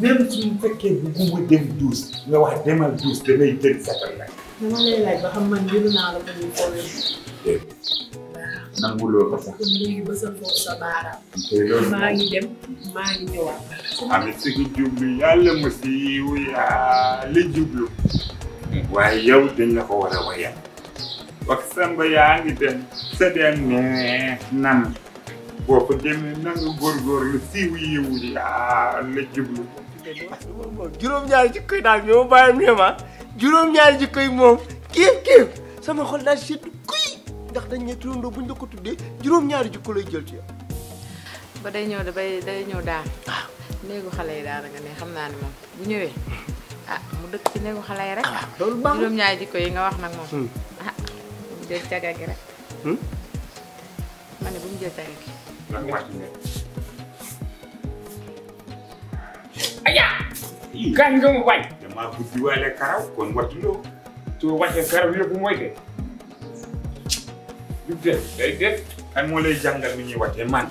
même suñu fekkee bugguma dem douze nga wax demal douze damay jël satal nag. dama lay laaj ba xam man jëlu naa la ko ñu xoolal. dégg nga nanguloo ko léegi ba sa foofu sa baaraam. tey loolu maa ngi dem maa ngi ñëwaat. amit si ki jublu yàlla ma yaa li jublu. waaye yow dañ la ko war wax samba yaa ngi dem. sa dem nee nam. boo ko demee na nga góorgóorlu siiw ah, juróom-ñaari jikko yi daal ñoo bàyyi ne ma juróom-ñaari jikko yi moom kéef kéef sama xol daal seet kuy ndax dañ ne turandoo buñ la ko tuddee juróom-ñaari jikko lay jël ci ba day ñëw da bay day ñëw daal. Ah. néegu xale yi daal nga ne xam naa ne moom bu ñëwee ah mu dëkk ci néegu xale yi rek. Ah, loolu baax juróom-ñaari jikko yi nga wax nag moom. Hmm. ah bu mu jël caga rek. Hmm? ma ne bu mu jël caga lan wàcc ne aya ma bañ damaa buddi waale karaw kon wàcculoo soo wàccee karaw de du kan moo lay jàngal mi ñuy wàccee man